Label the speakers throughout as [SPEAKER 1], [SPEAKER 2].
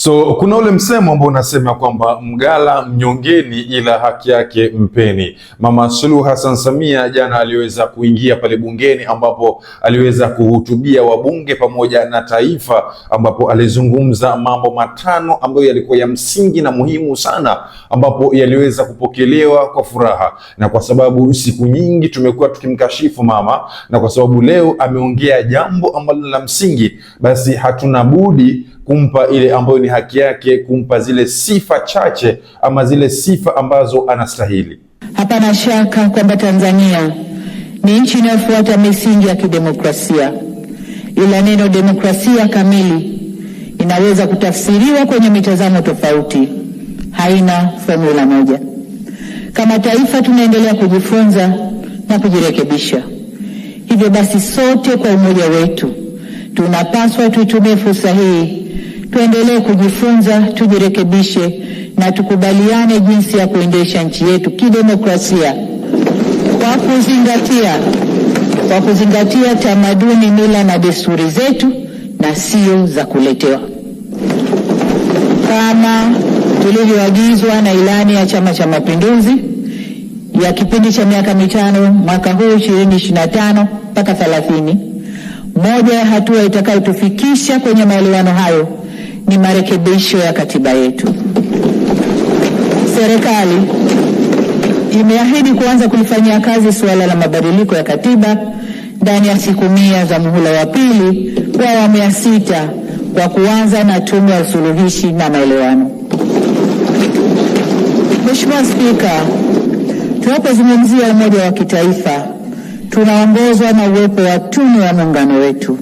[SPEAKER 1] So kuna ule msemo ambao unasema kwamba mgala mnyongeni, ila haki yake mpeni. Mama Suluhu Hassan Samia jana aliweza kuingia pale bungeni, ambapo aliweza kuhutubia wabunge pamoja na taifa, ambapo alizungumza mambo matano ambayo yalikuwa ya msingi na muhimu sana, ambapo yaliweza kupokelewa kwa furaha, na kwa sababu siku nyingi tumekuwa tukimkashifu mama, na kwa sababu leo ameongea jambo ambalo la msingi, basi hatuna budi kumpa ile ambayo ni haki yake, kumpa zile sifa chache ama zile sifa ambazo anastahili.
[SPEAKER 2] Hapana shaka kwamba Tanzania ni nchi inayofuata misingi ya kidemokrasia, ila neno demokrasia kamili inaweza kutafsiriwa kwenye mitazamo tofauti, haina fomula moja. Kama taifa tunaendelea kujifunza na kujirekebisha. Hivyo basi, sote kwa umoja wetu tunapaswa tuitumie fursa hii Tuendelee kujifunza, tujirekebishe na tukubaliane jinsi ya kuendesha nchi yetu kidemokrasia kwa kuzingatia kwa kuzingatia tamaduni, mila na desturi zetu na sio za kuletewa kama tulivyoagizwa na ilani ya Chama cha Mapinduzi ya kipindi cha miaka mitano mwaka huu 2025 mpaka 30. Moja ya hatua itakayotufikisha kwenye maelewano hayo ni marekebisho ya katiba yetu. Serikali imeahidi kuanza kulifanyia kazi suala la mabadiliko ya katiba ndani ya siku mia za muhula wa pili wa awamu ya sita kwa kuanza na tume ya usuluhishi na maelewano. Mheshimiwa Spika, tunapozungumzia umoja wa kitaifa tunaongozwa na uwepo wa tume ya muungano wetu.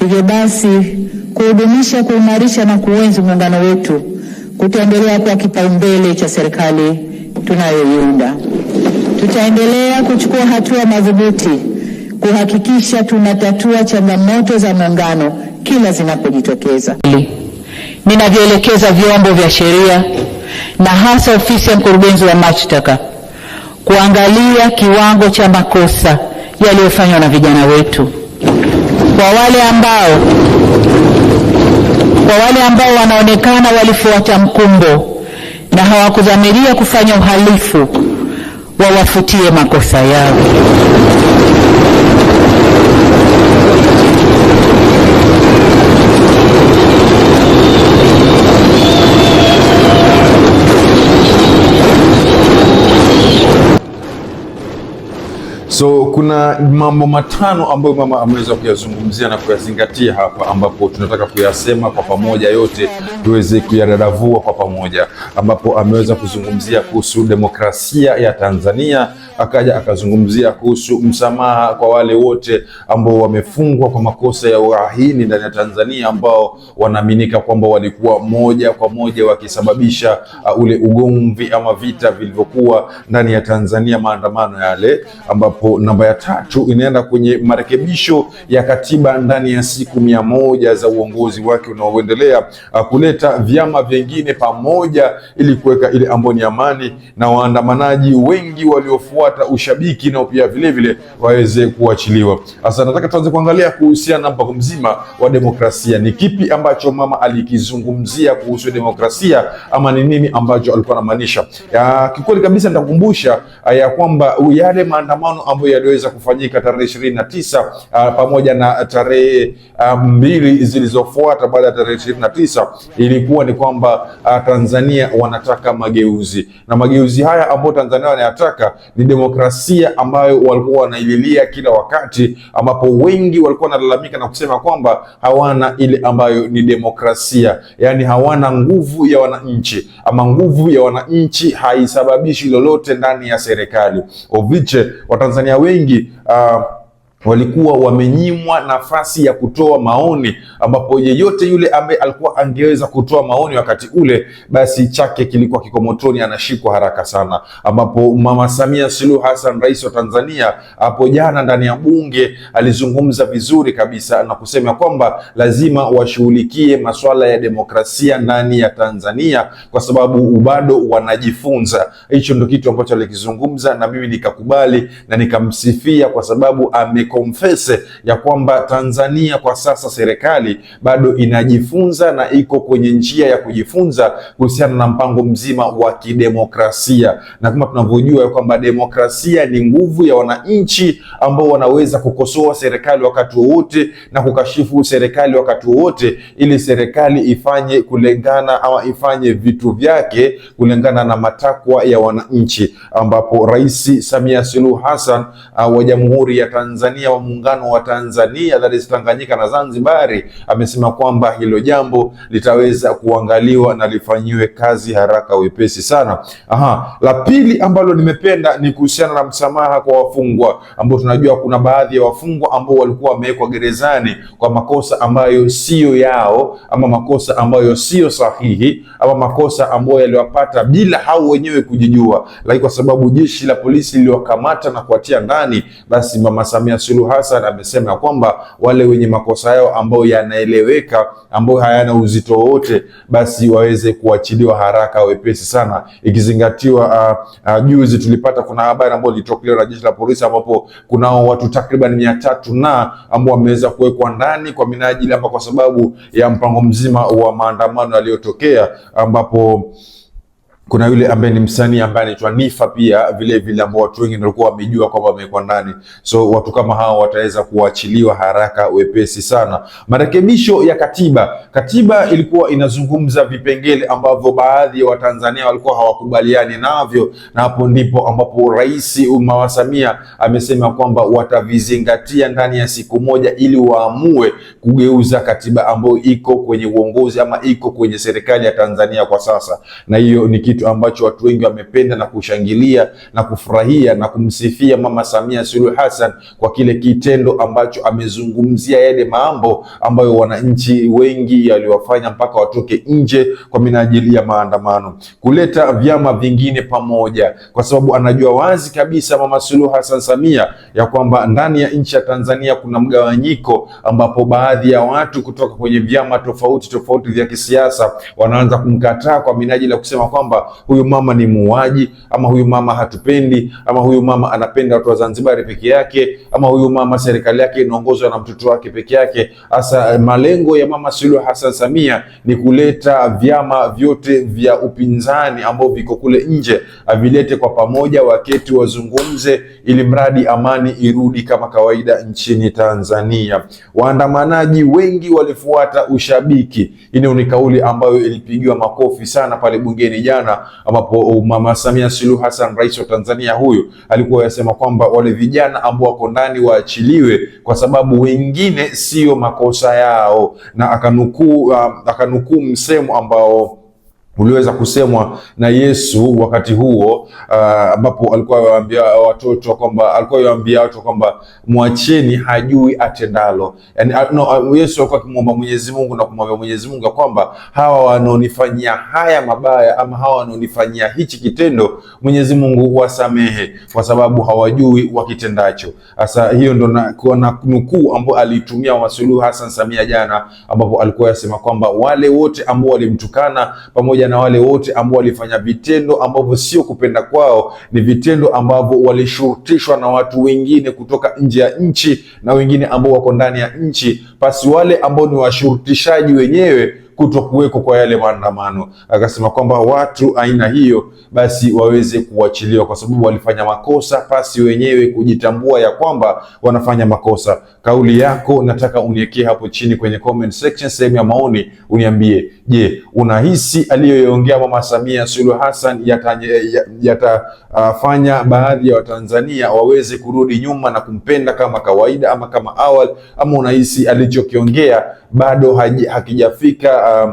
[SPEAKER 2] Hivyo basi kuhudumisha, kuimarisha na kuenzi muungano wetu kutaendelea kuwa kipaumbele cha serikali tunayoiunda. Tutaendelea kuchukua hatua madhubuti kuhakikisha tunatatua changamoto za muungano kila zinapojitokeza. Ninavyoelekeza vyombo vya sheria na hasa ofisi ya mkurugenzi wa mashtaka kuangalia kiwango cha makosa yaliyofanywa na vijana wetu kwa wale ambao kwa wale ambao wanaonekana walifuata mkumbo na hawakudhamiria kufanya uhalifu wawafutie makosa yao.
[SPEAKER 1] So kuna mambo matano ambayo mama ameweza kuyazungumzia na kuyazingatia hapa, ambapo tunataka kuyasema kwa pamoja yote tuweze kuyadadavua kwa pamoja, ambapo ameweza kuzungumzia kuhusu demokrasia ya Tanzania, akaja akazungumzia kuhusu msamaha kwa wale wote ambao wamefungwa kwa makosa ya uhaini ndani ya Tanzania, ambao wanaaminika kwamba walikuwa moja kwa moja wakisababisha uh, ule ugomvi ama vita vilivyokuwa ndani ya Tanzania, maandamano yale ambapo ambapo namba ya tatu inaenda kwenye marekebisho ya katiba ndani ya siku mia moja za uongozi wake unaoendelea uh, kuleta vyama vingine pamoja ili kuweka ile ambayo ni amani, na waandamanaji wengi waliofuata ushabiki nao pia vilevile waweze kuachiliwa. Sasa nataka tuanze kuangalia kuhusiana na mpango mzima wa demokrasia. Ni kipi ambacho mama alikizungumzia kuhusu demokrasia ama ni nini ambacho alikuwa anamaanisha? Kikweli kabisa nitakukumbusha uh, ya kwamba yale maandamano mambo yaliyoweza kufanyika tarehe ishirini na tisa ah, pamoja na tarehe ah, mbili zilizofuata baada ya tarehe ishirini na tisa ilikuwa ni kwamba ah, Tanzania wanataka mageuzi, na mageuzi haya ambayo Tanzania wanayataka ni demokrasia ambayo walikuwa wanaililia kila wakati, ambapo wengi walikuwa wanalalamika na kusema kwamba hawana ile ambayo ni demokrasia, yaani hawana nguvu ya wananchi ama nguvu ya wananchi haisababishi lolote ndani ya serikali. Oviche wa Tanzania Watanzania wengi uh, walikuwa wamenyimwa nafasi ya kutoa maoni, ambapo yeyote yule ambaye alikuwa angeweza kutoa maoni wakati ule, basi chake kilikuwa kikomotoni, anashikwa haraka sana, ambapo Mama Samia Suluhu Hassan, rais wa Tanzania, hapo jana ndani ya bunge alizungumza vizuri kabisa na kusema kwamba lazima washughulikie masuala ya demokrasia ndani ya Tanzania kwa sababu bado wanajifunza. Hicho ndio kitu ambacho alikizungumza, na mimi nikakubali na nikamsifia kwa sababu ame confess ya kwamba Tanzania kwa sasa serikali bado inajifunza na iko kwenye njia ya kujifunza kuhusiana na mpango mzima wa kidemokrasia, na kama tunavyojua kwamba demokrasia ni nguvu ya wananchi ambao wanaweza kukosoa serikali wakati wowote na kukashifu serikali wakati wowote, ili serikali ifanye kulingana ama ifanye vitu vyake kulingana na matakwa ya wananchi, ambapo Rais Samia Suluhu Hassan uh, wa Jamhuri ya Tanzania Tanzania wa Muungano wa Tanzania, that is Tanganyika na Zanzibari, amesema kwamba hilo jambo litaweza kuangaliwa na lifanyiwe kazi haraka wepesi sana. Aha, la pili ambalo nimependa ni kuhusiana na msamaha kwa wafungwa ambao tunajua kuna baadhi ya wafungwa ambao walikuwa wamewekwa gerezani kwa makosa ambayo siyo yao ama makosa ambayo siyo sahihi ama makosa ambayo yaliwapata bila hao wenyewe kujijua, lakini kwa sababu jeshi la polisi liliwakamata na kuwatia ndani, basi Mama Samia Suluhu Hassan amesema kwamba wale wenye makosa yao ambao yanaeleweka, ambao hayana uzito wowote, basi waweze kuachiliwa haraka wepesi sana, ikizingatiwa uh, uh, juzi tulipata kuna habari ambayo ilitokelewa na jeshi la polisi, ambapo kunao watu takriban mia tatu na ambao wameweza kuwekwa ndani kwa minajili ama kwa sababu ya mpango mzima wa maandamano yaliyotokea ambapo kuna yule ambaye ni msanii ambaye anaitwa Nifa pia vile vile, ambao watu wengi walikuwa wamejua kwamba amekuwa ndani. So watu kama hao wataweza kuachiliwa haraka wepesi sana. Marekebisho ya katiba. Katiba ilikuwa inazungumza vipengele ambavyo baadhi ya wa Watanzania walikuwa hawakubaliani navyo, na hapo ndipo ambapo Rais Mama Samia amesema kwamba watavizingatia ndani ya siku moja, ili waamue kugeuza katiba ambayo iko kwenye uongozi ama iko kwenye serikali ya Tanzania kwa sasa, na hiyo ni kitu ambacho watu wengi wamependa na kushangilia na kufurahia na kumsifia Mama Samia Suluhu Hassan kwa kile kitendo ambacho amezungumzia yale mambo ambayo wananchi wengi yaliwafanya mpaka watoke nje kwa minajili ya maandamano, kuleta vyama vingine pamoja, kwa sababu anajua wazi kabisa Mama Suluhu Hassan Samia ya kwamba ndani ya nchi ya Tanzania kuna mgawanyiko ambapo baadhi ya watu kutoka kwenye vyama tofauti tofauti vya kisiasa wanaanza kumkataa kwa minajili ya kusema kwamba huyu mama ni muuaji, ama huyu mama hatupendi, ama huyu mama anapenda watu wa Zanzibari peke yake, ama huyu mama serikali yake inaongozwa na mtoto wake peke yake. Hasa eh, malengo ya Mama Suluhu Hassan Samia ni kuleta vyama vyote vya upinzani ambao viko kule nje, avilete kwa pamoja, waketi wazungumze, ili mradi amani irudi kama kawaida nchini Tanzania. Waandamanaji wengi walifuata ushabiki. Hii ni kauli ambayo ilipigiwa makofi sana pale bungeni jana ambapo Mama Samia Suluhu Hassan, rais wa Tanzania huyu, alikuwa yasema kwamba wale vijana ambao wako ndani waachiliwe kwa sababu wengine sio makosa yao, na akanukuu um, akanukuu msemo ambao uliweza kusemwa na Yesu wakati huo uh, ambapo uh, alikuwa yawaambia watoto kwamba alikuwa yawaambia watu kwamba mwacheni, hajui atendalo. Yani, uh, no, uh, Yesu alikuwa akimwomba Mwenyezi Mungu na kumwambia Mwenyezi Mungu kwamba hawa wanaonifanyia haya mabaya ama hawa wanaonifanyia hichi kitendo, Mwenyezi Mungu wasamehe, kwa sababu hawajui wakitendacho. Sasa hiyo ndo na, na nukuu ambayo aliitumia Mama Hassan Samia jana, ambapo alikuwa yasema kwamba wale wote ambao walimtukana pamoja na wale wote ambao walifanya vitendo ambavyo sio kupenda kwao, ni vitendo ambavyo walishurutishwa na watu wengine kutoka nje ya nchi na wengine ambao wako ndani ya nchi, basi wale ambao ni washurutishaji wenyewe kutokuweko kwa yale maandamano. Akasema kwamba watu aina hiyo basi waweze kuachiliwa kwa sababu walifanya makosa pasi wenyewe kujitambua ya kwamba wanafanya makosa. Kauli yako nataka uniwekee hapo chini kwenye comment section, sehemu ya maoni, uniambie, je, unahisi aliyoyongea Mama Samia Suluhu Hassan yatafanya yata, uh, baadhi ya Watanzania waweze kurudi nyuma na kumpenda kama kawaida ama kama awali, ama unahisi alichokiongea bado hakijafika Um,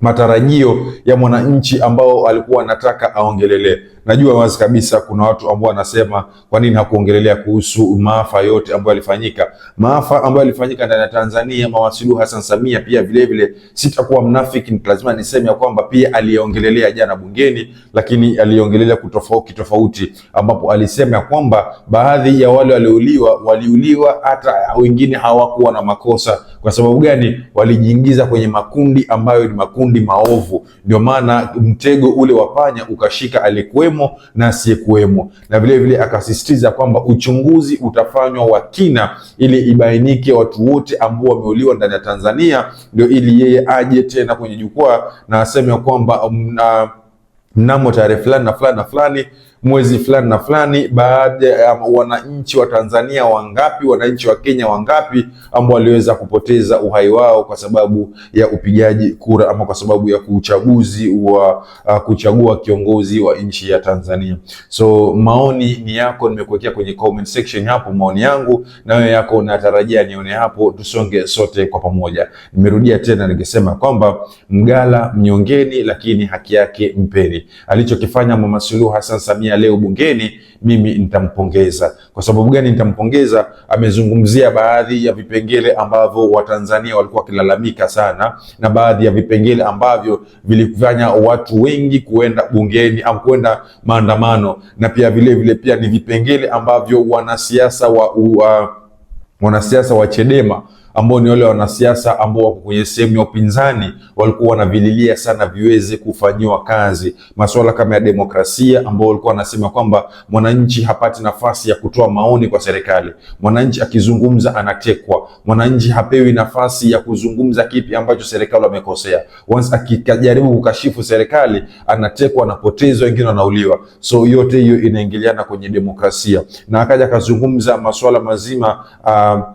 [SPEAKER 1] matarajio ya mwananchi ambao alikuwa anataka aongelele. Najua wazi kabisa kuna watu ambao wanasema kwa nini hakuongelelea kuhusu maafa yote ambayo yalifanyika, maafa ambayo yalifanyika ndani ya Tanzania. Mama Suluhu Hassan Samia pia vile. sitakuwa mnafiki, lazima niseme ya kwamba pia aliongelelea jana bungeni, lakini aliongelelea kutofauti tofauti, ambapo alisema ya kwamba baadhi ya wale waliuliwa waliuliwa hata wengine hawakuwa na makosa. Kwa sababu gani? Walijiingiza kwenye makundi ambayo ni makundi maovu, ndio maana mtego ule wa panya ukashika alikuwa kuwemo na asiyekuwemo, na vilevile akasisitiza kwamba uchunguzi utafanywa wa kina ili ibainike watu wote ambao wameuliwa ndani ya Tanzania, ndio ili yeye aje tena kwenye jukwaa na aseme kwamba mm, mnamo tarehe fulani na fulani na fulani mwezi fulani na fulani, baada ya um, wananchi wa Tanzania wangapi, wananchi wa Kenya wangapi ambao waliweza kupoteza uhai wao kwa sababu ya upigaji kura ama kwa sababu ya uchaguzi wa uh, kuchagua kiongozi wa nchi ya Tanzania. So maoni ni yako, nimekuwekea kwenye comment section hapo maoni yangu, nayo yako natarajia nione hapo, tusonge sote kwa pamoja. Nimerudia tena nikisema kwamba mgala mnyongeni, lakini haki yake mpeni. Alichokifanya Mama Suluhu Hassan Samia Tanzania leo bungeni, mimi nitampongeza. Kwa sababu gani nitampongeza? Amezungumzia baadhi ya vipengele ambavyo Watanzania walikuwa wakilalamika sana na baadhi ya vipengele ambavyo vilifanya watu wengi kuenda bungeni au kuenda maandamano, na pia vilevile vile pia ni vipengele ambavyo wanasiasa wa, wa, wanasiasa wa Chadema ambao ni wale wanasiasa ambao wako kwenye sehemu ya upinzani walikuwa wanavililia sana viweze kufanyiwa kazi masuala kama ya demokrasia, ambao walikuwa wanasema kwamba mwananchi hapati nafasi ya kutoa maoni kwa serikali, mwananchi akizungumza anatekwa, mwananchi hapewi nafasi ya kuzungumza kipi ambacho serikali wamekosea. Once akijaribu kukashifu serikali anatekwa, anapotezwa, wengine wanauliwa. So yote hiyo inaingiliana kwenye demokrasia, na akaja akazungumza masuala mazima uh,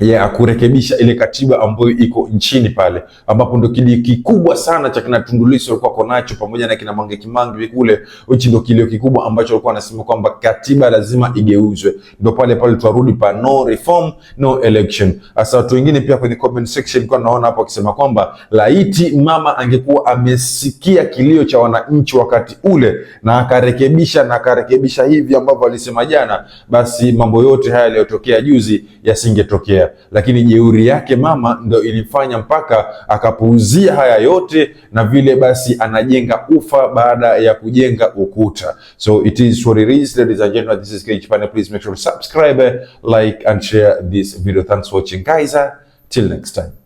[SPEAKER 1] ya kurekebisha ile katiba ambayo iko nchini pale, ambapo ndo kilio kikubwa sana cha kina Tundu Lissu alikuwa konacho pamoja na kina Mange Kimambi kule. Hichi ndo kilio kikubwa ambacho alikuwa anasema kwamba katiba lazima igeuzwe, ndo pale pale tuarudi pa no reform no election. Hasa watu wengine pia kwenye comment section kwa naona hapo akisema kwamba laiti mama angekuwa amesikia kilio cha wananchi wakati ule na akarekebisha na akarekebisha hivi ambavyo alisema jana, basi mambo yote haya yaliyotokea juzi yasingetokea kuongea, lakini jeuri yake mama ndo ilifanya mpaka akapuuzia haya yote, na vile basi anajenga ufa baada ya kujenga ukuta. So it is what it is, ladies and gentlemen, this is KG Panel. Please make sure to subscribe, like and share this video. Thanks for watching guys, till next time.